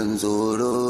تنظرون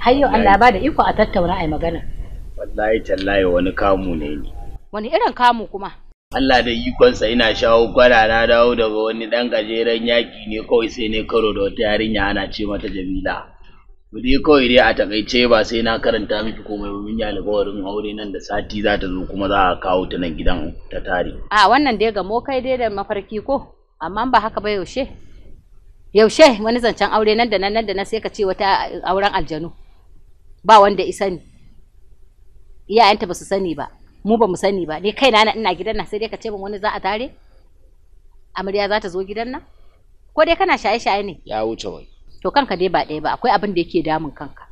har yau Allah ba da iko a tattauna ai magana wallahi tallahi wani kamu ne ni wani irin kamu kuma Allah da ikonsa ina shawo kwana na dawo daga wani dan gajeren yaki ne kawai sai ne karo da wata yarinya ana ce mata Jamila Kudi kawai dai a takaice ba sai na karanta miki komai mun yi alƙawarin aure nan da sati za ta zo kuma za a kawo ta nan gidan ta tare. A wannan dai gamo kai dai da mafarki ko amma ba haka ba yaushe. Yaushe wani zancen aure nan da nan nan da nan sai ka ce wata auren aljanu. ba wanda ya sani iyayenta ba su sani ba mu ba mu sani ba ni kai na ina gidan nan sai dai ka ce min wani za a tare amarya za ta zo gidan nan ko dai kana shaye-shaye ne ya wuce wai to kanka dai ba ɗaya ba akwai abin da yake damun kanka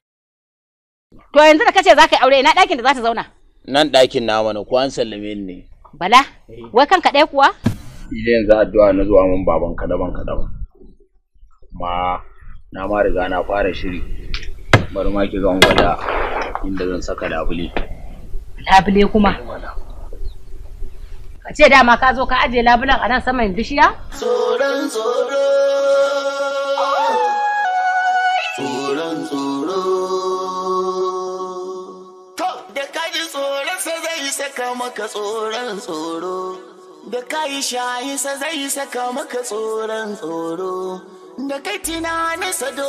to yanzu da kace za ka yi aure ina ɗakin da za ta zauna nan ɗakin na wani ko an sallame ni ne bala eh. wai kanka ɗaya kuwa ile yanzu addu'a na zuwa mun baban kadaban kadaban ma na ma riga na fara shiri bari ma ki zan gwada inda zan saka labule labule kuma eh, ka ce dama ka zo ka ajiye labulen a nan saman bishiya tsoron tsoro tsoron tsoro to da ka ji tsoron sa zai yi saka maka tsoron tsoro da ka yi shayi sa zai yi saka maka tsoron tsoro da kai tunanin sa do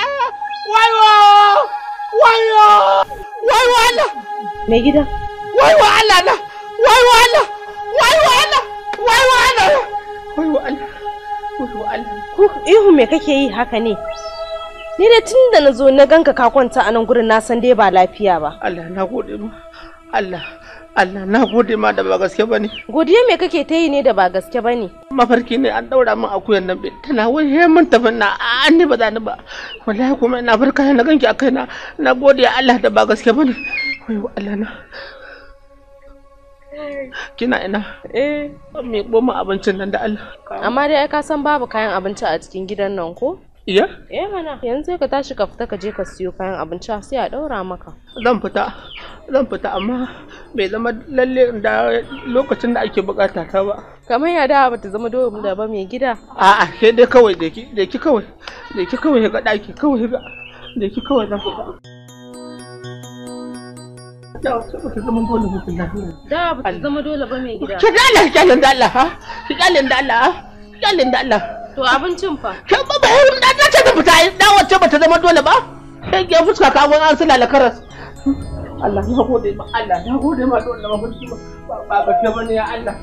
Wayo! Wayo! Wayo Allah! Mai gida? Wayo Allah na! Wayo Allah! Wayo Allah! Wayo Allah! Wayo Allah! Wayo Allah! Ku ihu me kake yi haka ne? Ni dai tun da na zo na ganka ka kwanta a nan gurin na san dai ba lafiya ba. Allah na gode ma. Allah. Allah na gode ma da ba gaske bane. Godiya me kake ta yi ne da ba gaske bane? Mafarki ne an daura min akuyan nan bin tana wai he mun tafi na an ni ba za ni ba. Wallahi kuma ina farka na ganki a kaina na gode Allah da ba gaske bane. Wai Allah na. Kina ina? Eh. Me goma abincin nan da Allah. Amma dai ka san babu kayan abinci a cikin gidan nan ko? Iya? Eh mana, yanzu ka tashi ka fita ka je ka siyo kayan abinci sai a ɗaura maka. Zan fita, zan fita amma bai zama lalle da lokacin da ake bukata ta ba. Kamar ya da bata zama dole da ba mai gida. A'a, sai dai kawai da ki da ki kawai da ki kawai ga daki kawai ga da ki kawai zan fita. Da ba ta zama dole ba mai gida. Ki dalar kyalin da Allah ha? Ki kyalin da Allah ha? Kyalin da Allah. To abincin fa? Kan ba bayan na ta ta fita in dan wacce bata zama dole ba. Sai ya fuska ka gwan an sulala karas. Allah na gode ma Allah na gode ma dole ma gunki ba ba ba ta bane ya Allah.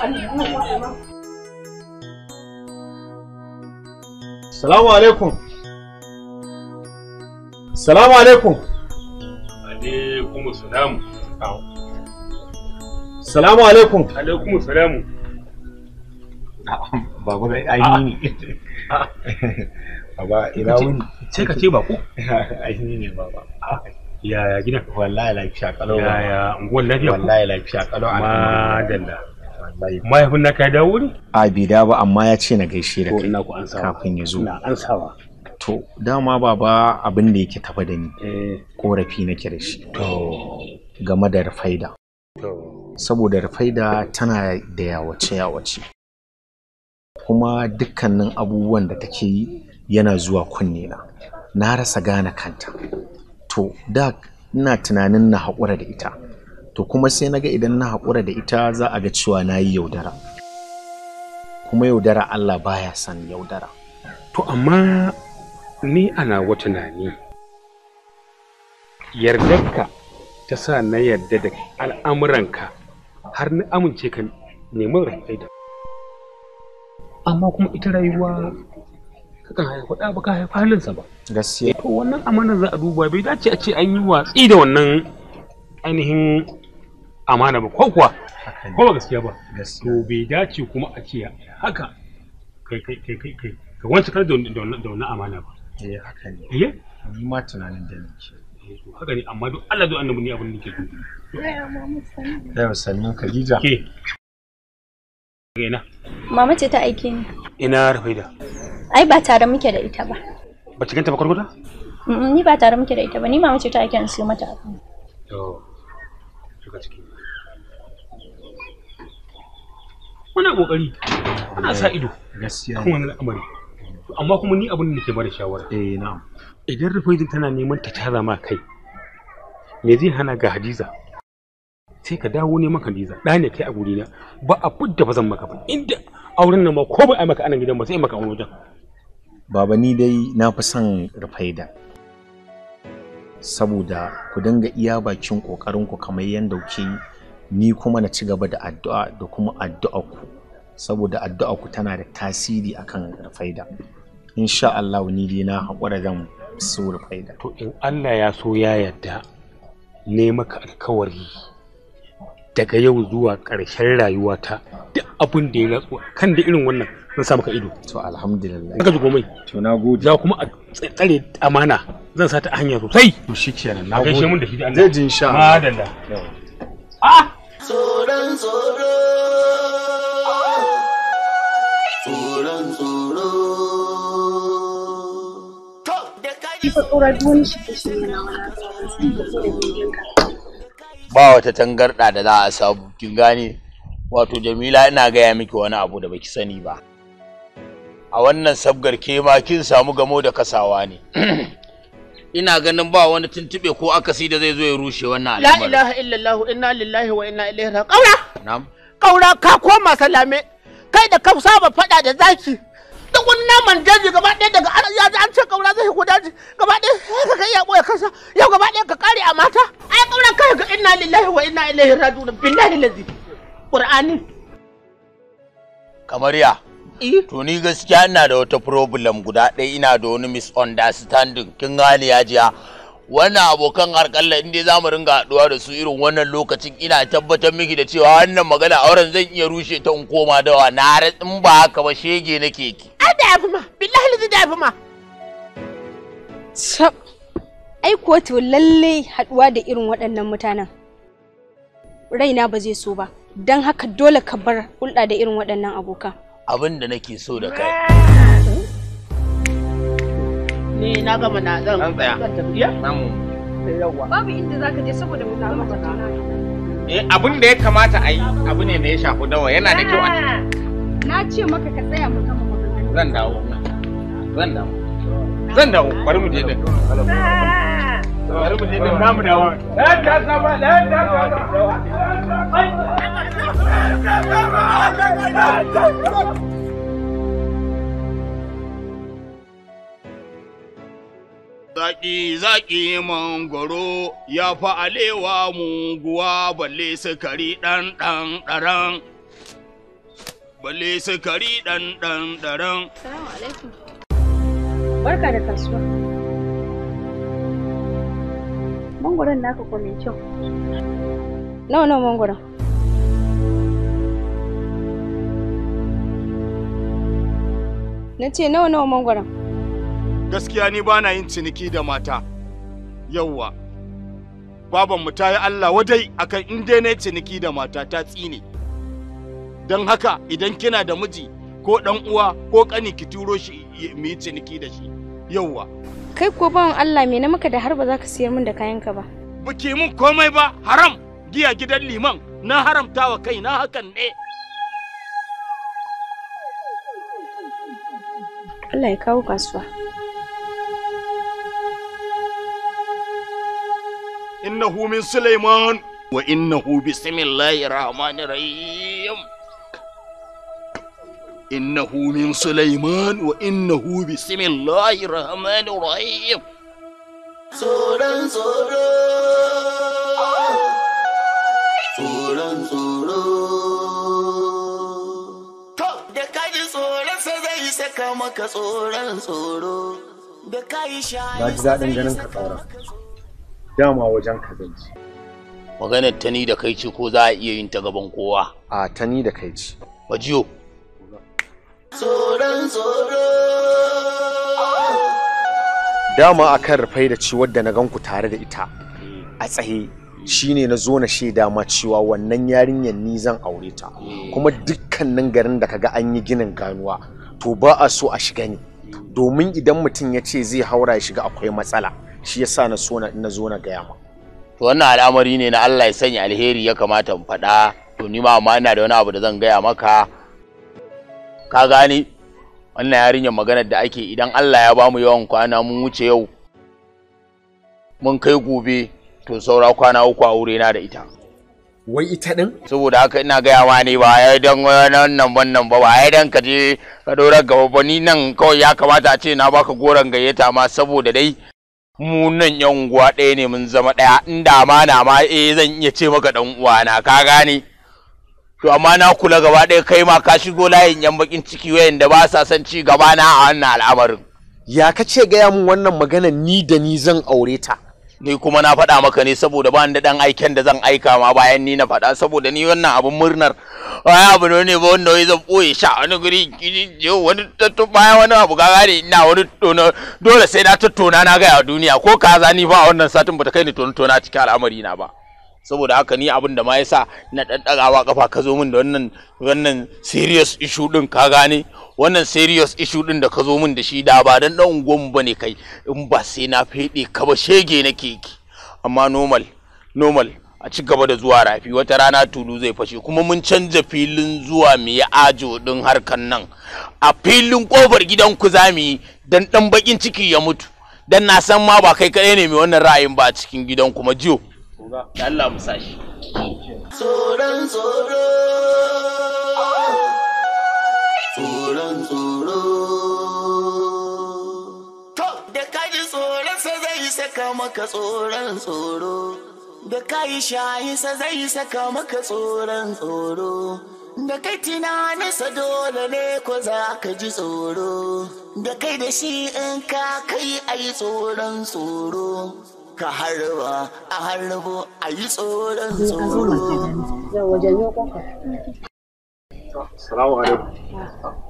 Allah na gode ma. Salamu alaikum. Salamu alaikum. Alaikum salam. Salamu alaikum. Alaikum salamu. baba ga ainihi ne baba ina wuni sai ka ce bako ainihi ne baba yaya gidan wallahi lafiya kalau yaya unguwar lafiya wallahi lafiya kalau madalla mahaifin na kai dawo wuri? a bi da ba amma ya ce na gaishe da kai kafin ya zo na an sawa to dama baba abin da yake tafa da ni eh. korafi nake da shi game da rufaida saboda rufaida tana da yawace yawace kuma dukkanin abubuwan da take yi yana zuwa kunne na na rasa gane kanta to da ina tunanin na haƙura da ita to kuma sai na ga idan na haƙura da ita za a ga cewa na yi yaudara kuma yaudara Allah baya san yaudara to amma ni ana wa tunani yardarka ta sa na yarda da al'amuranka har na amince ka neman rai amma kuma ita rayuwa kakan haifa da ba ka haifa halinsa ba gaskiya to wannan amanar za a duba bai dace a ce an yi watsi da wannan ainihin amana ba ko kuwa ko ba gaskiya ba to bai dace kuma a ce haka kai kai kai kai kai ka wanci kar da wannan amana ba eh haka ne eh ni ma tunanin da nake eh, haka ne amma duk Allah duk annabi ne abin da nake dubi eh amma mun eh sannan Khadija ke ina mama ce ta aike ni ina rufaida ai ba tare muke da ita ba ba cikin ta ba kurkuta ni ba tare muke da ita ba ni mama ce ta aike ni siyo mata abu to shuka ciki muna kokari ana sa ido gaskiya kan wannan al'amari amma kuma ni abin da nake bada shawara eh na'am idan rufaida tana neman ta tara ma kai me zai hana ga hadiza sai ka dawo neman biza da ne kai a guri na ba a fudda ba zan maka ba inda auren nan ma ko ba a maka anan gidan ba sai maka wani wajen baba ni dai na fi son rufaida saboda ku dinga iya bakin kokarin ku kamar yanda kuke ni kuma na ci gaba da addu'a da kuma addu'a ku saboda addu'a ku tana da tasiri akan rufaida insha Allah ni dai na haƙura zan so rufaida to in Allah ya so ya yarda ne maka alkawari daga yau zuwa ƙarshen rayuwata duk abin da ya ratsu kan da irin wannan zan sa maka ido to alhamdulillah ka ji gomai to na gode za kuma a tsare amana zan sa ta a hanya sosai to shikenan na gaishe mun da shi Allah zai ji insha Allah madalla a ah! tsoron tsoro tsoron tsoro to da kai tsoron duniya shi ke shi na wannan wani ba wata tangarɗa da za a samu kin gane wato jamila ina gaya miki wani abu da baki sani ba a wannan sabgar ke ma kin samu gamo da kasawa ne ina ganin ba wani tuntube ko akasi da zai zo ya rushe wannan al'amari la ilaha illallah inna lillahi wa inna ilaihi raji'un kaura na'am kaura ka koma salame kai da ka saba fada da zaki da wani naman daji gaba ɗaya daga an ya ji an ce kaura zai ko daji gaba ɗaya ka kai ya ɓoye kansa yau gaba ɗaya ka kare a mata ai kaura kai ga inna lillahi wa inna ilaihi raji'un billahi lazi qur'ani kamar ya eh. to ni gaskiya ina da wata problem guda ɗaya ina da wani misunderstanding kin gane ya jiya wannan abokan harkalla inda za mu ringa haɗuwa da su irin wannan lokacin ina tabbatar miki da cewa wannan magana auren zan iya rushe ta in koma dawa na in ba haka ba shege nake ki. A da yafi ma, billahi da yafi ma. Sab, ai ko to lalle haɗuwa da irin waɗannan mutanen. Raina ba zai so ba, don haka dole ka bar hulɗa da irin waɗannan abokan. Abin da nake so da kai. Ni na gama na zan An tsaya. Tafiya? Namu. Babu inda zaka je saboda mu taru mata juna. Eh abin da ya kamata ayi abu ne da ya shafi dawa yana da kyau a ah, Na ce maka ka tsaya mu kama magana. Zan dawo. Zan dawo. Zan dawo bari mu je din. Ah. Bari mu je din za mu dawo. Dan ta sama dan ta sama. Dan Zaki zaki mangoro ya fi alewa muguwa balle sukari ɗan ɗan ɗaran. Balle sukari ɗan ɗan ɗaran. Barka da kasuwa. Mangoron naka ko mai kyau. Nawa nawa mangoron? na ce nawa nawa mangwaron gaskiya ni bana yin ciniki da mata yauwa baban mu ta yi Allah wadai akan in dai na ciniki da mata ta tsine don haka idan kina da miji ko dan uwa ko kani ki turo shi mu yi ciniki da shi yauwa kai ko bawan Allah me na maka da har ba za ka siyar min da kayan ka ba buke mun komai ba haram giya gidan liman na haramta wa kai na hakan ne Allah ya kawo kasuwa إنه من سليمان وإنه بسم الله الرحمن الرحيم إنه من سليمان وإنه بسم الله الرحمن الرحيم tsoron tsoro tsoron tsoro to da kaji tsoron sa zai saka maka tsoron tsoro da kayi shayi na ji daɗin ganin ka tsoron dama wajen ka zance maganar ta ni da kai ce ko za a iya yin ta gaban kowa a ta ni da kai ce bajiyo tsoron tsoro dama akan rufai da ciwon da na ganku tare da ita a tsaye shine na zo na shaida ma cewa wannan yarinyar ni zan aure ta kuma dukkanin garin da kaga an yi ginin ganuwa to ba a so a shiga ne domin idan mutum ya ce zai haura ya shiga akwai matsala shi sa na so na ina zo na gaya ma to wannan al'amari ne na Allah ya sanya alheri ya kamata in faɗa to ni ma amma ina da wani abu da zan gaya maka ka gani wannan yarinyar maganar da ake idan Allah ya bamu yawan kwana mun wuce yau mun kai gobe to saura kwana uku a wure na da ita wai ita din saboda haka ina gaya ma ne ba ya dan wannan wannan ba ba ya dan ka je ka dorar gaba ba ni nan kawai ya kamata a ce na baka goron gayyata ma saboda dai mu nan yan uwa ɗaya ne mun zama ɗaya inda ma na ma eh zan iya ce maka dan uwana ka gane to amma na kula gaba ɗaya kai ma ka shigo layin yan bakin ciki wayanda ba sa son ci gaba na a wannan al'amarin ya kace gaya mun wannan magana ni da ni zan aure ta ni kuma na faɗa maka ne saboda ba da ɗan aiken da zan aika ma bayan ni na faɗa saboda ni wannan abin murnar wani abu ne ba wanda wai zan ɓoye sha wani guri wani bayan wani abu gaga ne ina wani tona dole sai na tattona na gaya duniya ko kaza ni ba wannan satin ba ta kai ni tona tona cikin al'amari na ba. saboda haka ni abin da ma yasa na daddagawa kafa ka zo min da wannan wannan serious issue ɗin ka gane wannan serious issue ɗin da ka zo min da shi da ba dan ɗan dan mu bane kai in ba sai na feɗe ka ba shege na keke. amma normal normal a ci gaba da zuwa rafi wata rana tulu zai fashe kuma mun canza filin zuwa mu yi ajo ɗin harkan nan a filin ƙofar gidan ku za mu yi dan ɗan bakin ciki ya mutu dan na san ma ba kai kaɗai ne mai wannan ra'ayin ba a cikin gidan kuma jiyo kunga da Allah mu sashi tsoron tsoro tsoron tsoro to da kaji tsoron sa zai saka maka tsoron tsoro da kai shayi sa zai saka maka tsoron tsoro da kai tunaninsa dole ne ko za ka ji tsoro da kai da shi in ka kai ai tsoron tsoro ka harba a harbo a yi tsoron eh, tsoron. Salamu alaikum.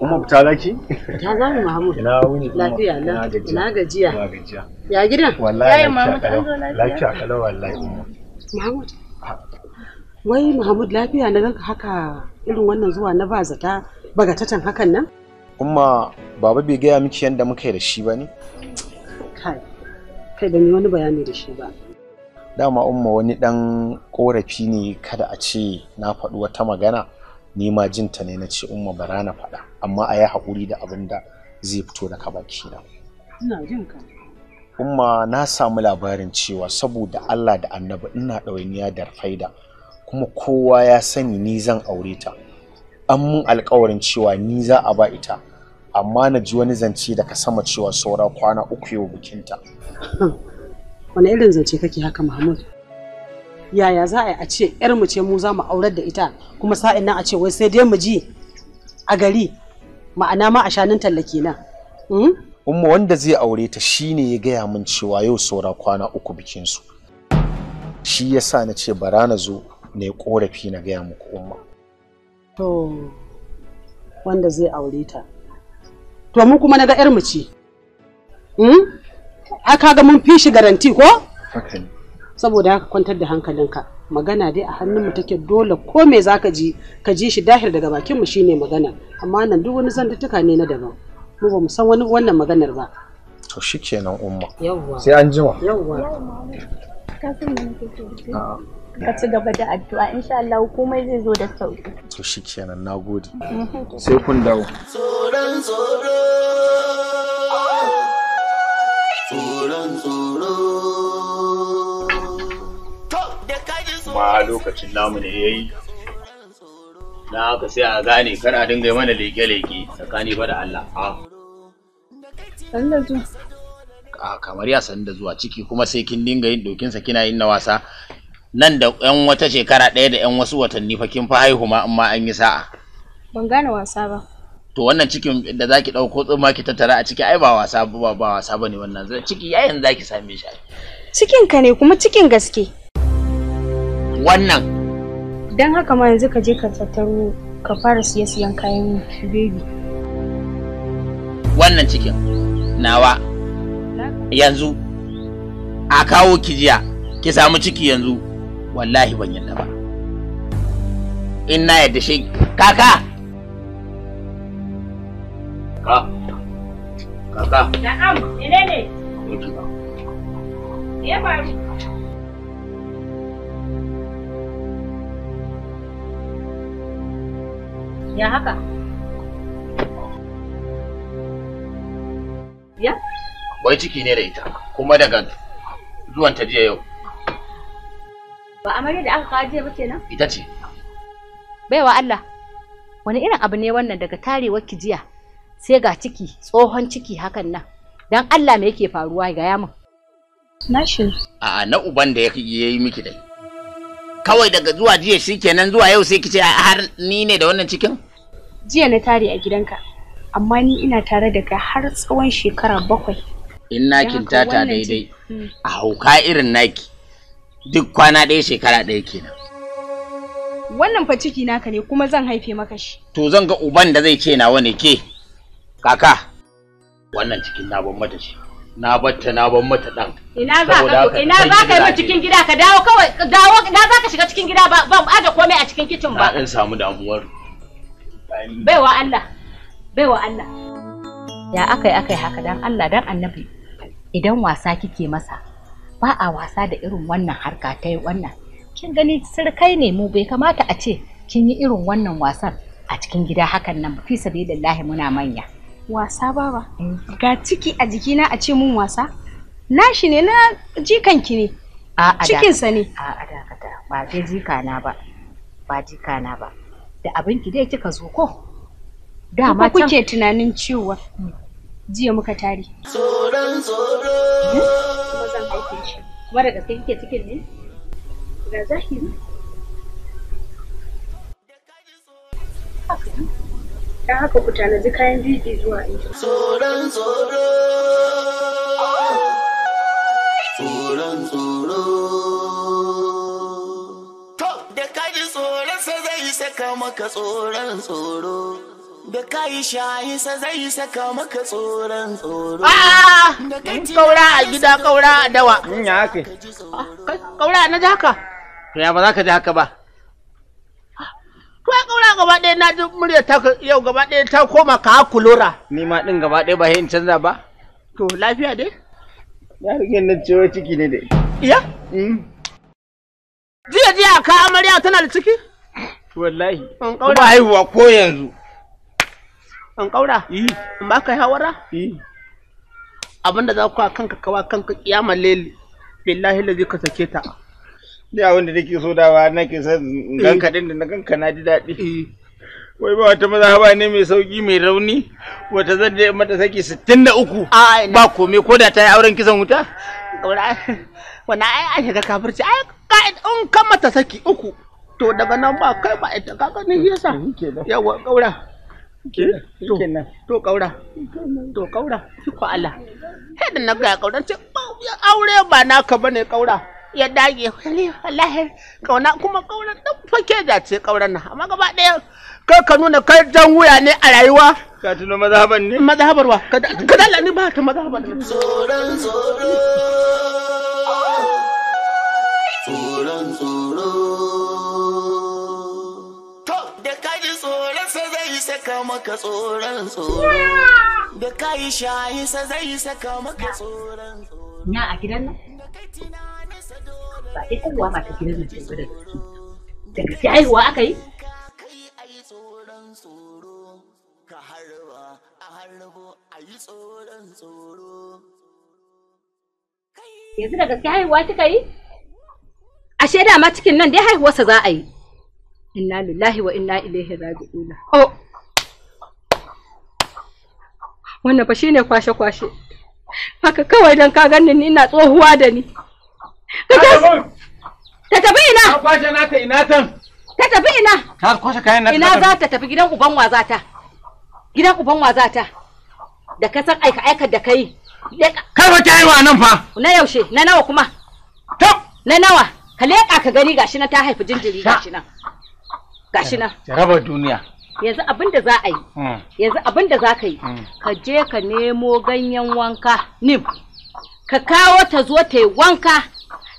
Umar ta zaki? Ta zaki, Mahmud. Ina wuni. Lafiya na. gajiya. Na gajiya. Ya gidan? Wallahi lafiya kalau wallahi. Mahmud. Wai Mahmud lafiya na ganka haka irin wannan zuwa na ba zata bagatatan hakan nan? Umma baba bai gaya miki yadda muka yi da shi ba ne? Kai. kai da ni wani bayani da shi ba dama umma wani dan korafi ne kada a ce na faɗi wata magana ni ma jin ne na ce umma bara na faɗa amma a yi haƙuri da abin da zai fito daga baki na ina jin ka umma na samu labarin cewa saboda Allah da annabi ina ɗawainiya da faida kuma kowa ya sani ni zan aure ta an mun alƙawarin cewa ni za a ba ita amma na ji wani zance daga sama cewa saura kwana uku yau bikinta. Wani irin zance kake haka Mahmud? Yaya za a yi a ce ‘yar mu ce mu za mu aurar da ita kuma sa'in nan a ce wai sai dai mu ji a gari ma'ana ma a shanun tallake na. Hmm? Umma wanda zai aure ta ne ya gaya min cewa yau saura kwana uku bikinsu. Shi ya sa na ce bara na zo ne korafi na gaya muku umma. To wanda zai aure ta. to mu kuma na ga yar mu ce hmm? aka ga mun fi shi garanti ko saboda haka kwantar da hankalinka magana dai a hannun hannunmu take dole ko me zaka ji ka ji shi dahir daga bakin mu shine magana amma nan duk wani zantutuka ne na daban mu ba mu san wani wannan maganar ba to shikenan umma sai an jima yawwa ka ci gaba da addu'a insha Allah komai zai zo da sauki to shikenan nagode mhm. sai kun dawo tsoron tsoro tsoron tsoro ma lokacin namu ne yayi na haka sai a gane kana dinga mana leke-leke tsakani fa da Allah a Allah zuwa kamar ya san da zuwa ciki kuma sai kin dinga yin dokinsa kina yin na wasa nan da yan wata shekara ɗaya da yan wasu watanni fa kin fa haihu ma amma an yi sa'a ban gane wasa ba to wannan cikin da zaki dauko tsoma ki tattara a ciki ai ba wasa ba ba wasa bane wannan ciki yayin zaki same shi cikin ka ne kuma cikin gaske wannan dan haka ma yanzu ka je ka tattaro ka fara siya siyan kayan baby wannan cikin nawa yanzu a kawo ki jiya ki samu ciki yanzu wallahi ban yadda ba in na yadda shi kaka kaka kaka na'am ina ne ya faru ya haka ya wai ciki ne da ita kuma daga zuwan ta jiya yau Ba amarya da aka kawo jiya ba kenan? Ita ce. Baiwa Allah, wani irin abu ne wannan daga tarewar ki jiya sai ga ciki tsohon ciki hakan nan. Dan Allah me yake faruwa ga yamin? Na shi. A'a na uban da ya yi miki dai. Kawai daga zuwa jiya shi kenan zuwa yau sai kice har ni ne da wannan cikin? Jiya na tare a gidanka, amma ni ina tare da ka har tsawon shekara bakwai. In nakin tata daidai, hmm. a hauka irin naki. duk kwana ɗaya shekara ɗaya kenan wannan fa ciki naka ne kuma zan haife maka shi to zan ga uban da zai ce nawa ne ke kaka wannan cikin na ban mata shi na batta na ban mata dan ina za ka ina za ka yi cikin gida ka dawo kawai dawo na za ka shiga cikin gida ba ba aje komai a cikin kitchen ba na dan samu damuwar baiwa Allah baiwa Allah ya akai akai haka dan Allah dan annabi idan wasa kike masa ba a wasa da irin wannan harka ta yi wannan kin gani sirkai ne mu bai kamata a ce kin yi irin wannan wasan a cikin gida hakan nan fi sabilillahi muna manya wasa baba mm. ga ciki a jikina a ce mun wasa nashi ne na jikanki ne cikinsa ne a dakata ba dai jikana ba ba jikana ba da ki dai kika zo ko dama kuke tunanin cewa mm. jiya muka tare tsoron tsoro hmm? cikin shi kuma da gaske kike cikin ne ga zahiri dan haka ku tanaji kayan bibi zuwa inji tsoron tsoro tsoron tsoro to da kaji tsoron zai saka maka tsoron tsoro da kai shayi sa zai saka maka tsoron tsoro ah! in mm, kaura a gida kaura a dawa in mm, ya haka ah, kaura na ji haka to ya ba za ka ji haka ba to kaura gaba ɗaya na ji murya ta yau gaba ɗaya ta koma ka kulura ni ma din gaba ɗaya ba yin canza ba to lafiya dai yarinyar na ciwo ciki ne dai iya mm. jiya jiya ka amarya tana da ciki wallahi ba haihuwa ko yanzu in ƙaura eh. in ba ka yi hawara eh. da za ku kanka kawa kanka kiyama leli billahi lazi ka sake ta ni abin da nake so dawa nake son ganka eh. din da na ganka na ji daɗi wai ba wata maza ba ne mai sauki mai rauni wata zan da mata saki sittin da 63 ba komai ko da ta yi auren kisan wuta wannan ai an shiga kafirci ai in kan mata saki uku to daga nan ba kai ba ita kaga ne yasa yawa ƙaura Eh, to kaura to kaura ko Allah hedin na ga kauran ce aure ba naka bane kaura ya dage wallahi kauna kuma kauran dan fake da ce kauran nan amma gaba daya kai ka nuna kai jan wuya ne a rayuwa ka tuno mazhaban ne mazhabarwa ka dalla ni ba ta mazhabar tsoron tsoro saka maka tsoron da ka yi zai saka maka tsoron tsoro na a gidan nan ba sai haihuwa ba ta gidan nan ce da gaske da gaske haihuwa aka yi yanzu da gaske haihuwa kika yi ashe dama cikin nan dai haihuwarsa za a yi inna lillahi wa inna ilaihi oh wannan fa shine kwashe kwashe haka kawai dan ka ganni ni ina tsohuwa da ni ta tafi ina ka kwashe naka ina tan ta tafi ina ka kwashe kayan naka ina za ta tafi gidan uban waza ta gidan uban waza ta da ka san aika aikar da kai kai wata wa nan fa na yaushe na nawa kuma tab na nawa ka leƙa ka gani gashi na ta haifi jinjiri gashi nan gashi nan jarabar duniya yanzu abin da za a yi hmm. yanzu abin da za ka yi hmm. ka je ka nemo ganyen wanka nim ka kawo ta zo ta yi wanka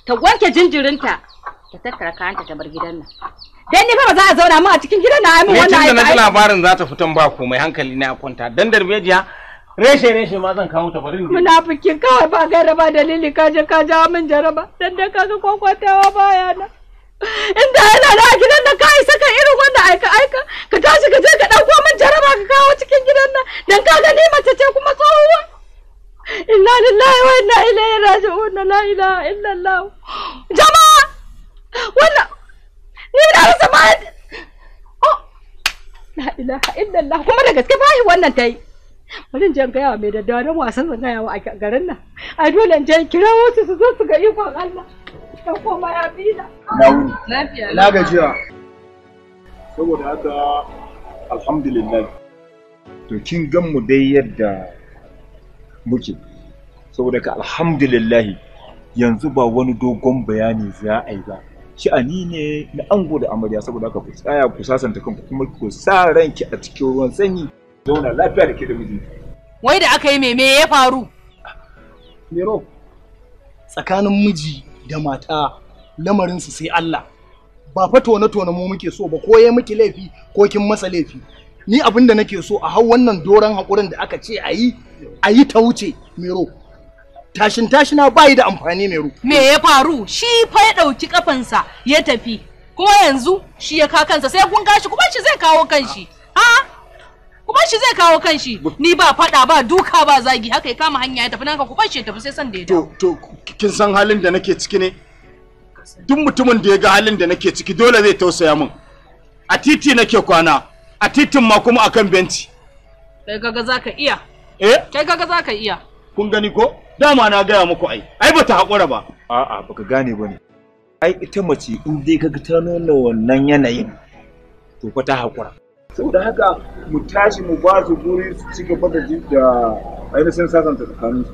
ta wanke jinjirinta ta tattara kayanta ta bar gidan nan dan ni fa ba za a zauna mu a cikin gidan na amin eh, wannan ne tunda labarin za ta fitan ba mai hankali na kwanta dan darbejiya reshe reshe ma zan kawo ta barin fikin kawai ba ga raba dalili ka je ka ja min jaraba dan da kaga kwakwatawa baya na inda yana da gidan da. kai saka irin wanda aika aika ka tashi ka je ka dauko min jaraba ka kawo cikin gidan nan dan ka ga ni mace ce kuma tsohuwa inna lillahi wa inna ilaihi raji'un la ilaha illa illallah jama'a wannan ni na rasa ma oh, la ilaha illallah kuma da gaske fahi wannan ta yi bari jan gaya mai daddawa don wasan zan gaya wa a garin nan A dole in je kira wasu su zo su ga ikon Allah dan koma ya bi na lafiya na gajiya saboda haka alhamdulillah to kin gan mu dai yadda muke saboda ka alhamdulillah yanzu ba wani dogon bayani za a yi ba Shi sha'ani ne na ango da amarya saboda haka ku tsaya ku sasanta kanku kuma ku sa ranki a cikin ruwan sanyi zauna lafiya da ke da miji wai da aka yi meme ya faru mero tsakanin miji da mata lamarinsu sai Allah ba fa tone tone mu muke so ba ko ya miki laifi ko kin masa laifi ni abin da nake so a hau wannan doron hakurin da aka ce ayi, ayi ta wuce mero tashin tashina bayi da amfani mero me ya faru shi fa ya ɗauki kafansa ya tafi kuma yanzu shi ya ka kansa sai kun gashi kuma shi zai kawo kanshi ha kuma shi zai kawo kanshi ni ba fada ba duka ba zagi haka ya kama hanya ya tafi nan ka kuma shi ya tafi sai san da ya to kin san halin da nake ciki ne duk mutumin da ya ga halin da nake ciki dole zai tausaya min a titi nake kwana a titin ma kuma akan benci kai kaga zaka iya eh kai kaga zaka iya kun gani ko dama na gaya muku ai ai bata hakura ba a'a baka gane bane ai ita mace in dai kaga ta nuna wannan yanayin to fa ta hakura saboda haka mu tashi mu ba su guri su ci gaba da ainihin sasanta tsakaninsu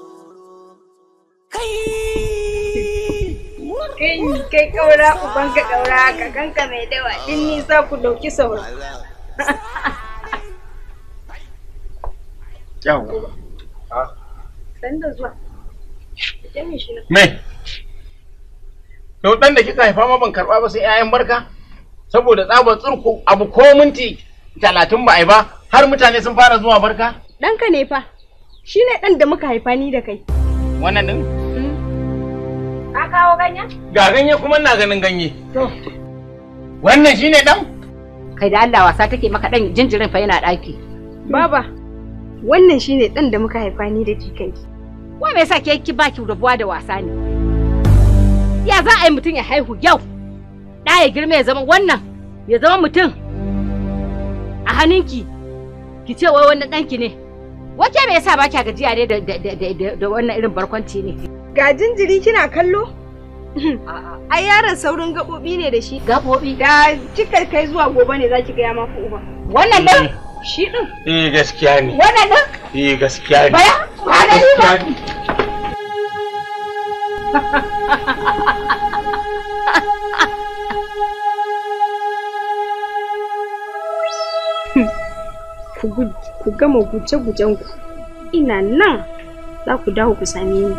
kai kaura uban ka kaura ka kanka mai dawa din ni za ku dauki sauro yawa da zuwa me to dan da kika haifa ma ban karba ba sai ƴaƴan barka saboda tsabar tsurku abu ko minti talatin ba ai ba har mutane sun fara zuwa barka ɗanka ne fa shi ne ɗan da muka haifa ni da kai wannan din Ka kawo ganyen? Ga ganye kuma na ganin ganye. To. Wannan shine dan? Kai da Allah wasa take maka dan jinjirin fa yana daki. Baba, wannan shine dan da muka haifa ni da jikanki. Wa me yasa ke ki baki rabuwa da wasa ne? Ya za a yi mutum ya haihu yau? Da ya girma ya zama wannan, ya zama mutum. A hannunki, ki ce wai wannan danki ne. Wace me yasa ba kya gajiya ne da wannan irin barkwanci ne? Ga jinjiri kina kallo? Ai yaron saurin gaɓoɓi ne da shi. Gaɓoɓi? Da kika kai zuwa gobe ne za ki gaya maku uba. Wannan ɗin? Eh. Shi ɗin? Eh gaskiya ne. Wannan ɗin? Eh gaskiya ne. Baya? Ba ni ba. ku gama guje-gujenku ina nan za ku dawo ku same ni.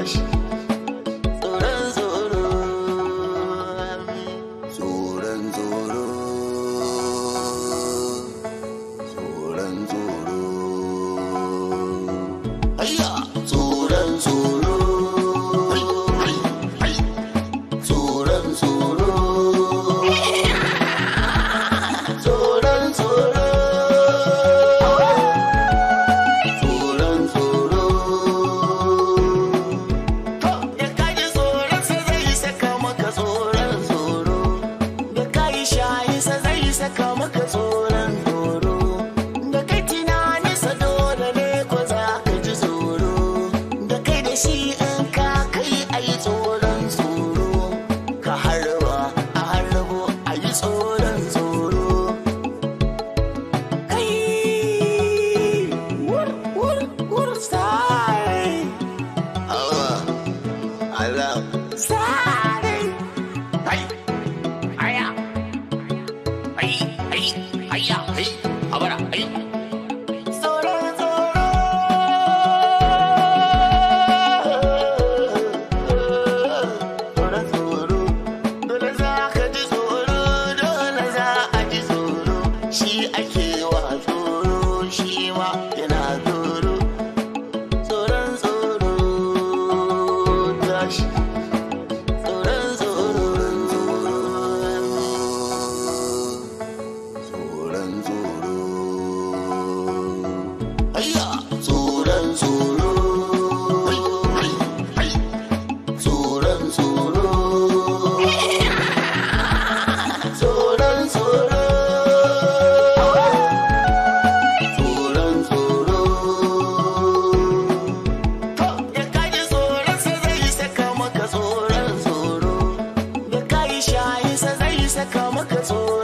guys. out. Stop. 可做。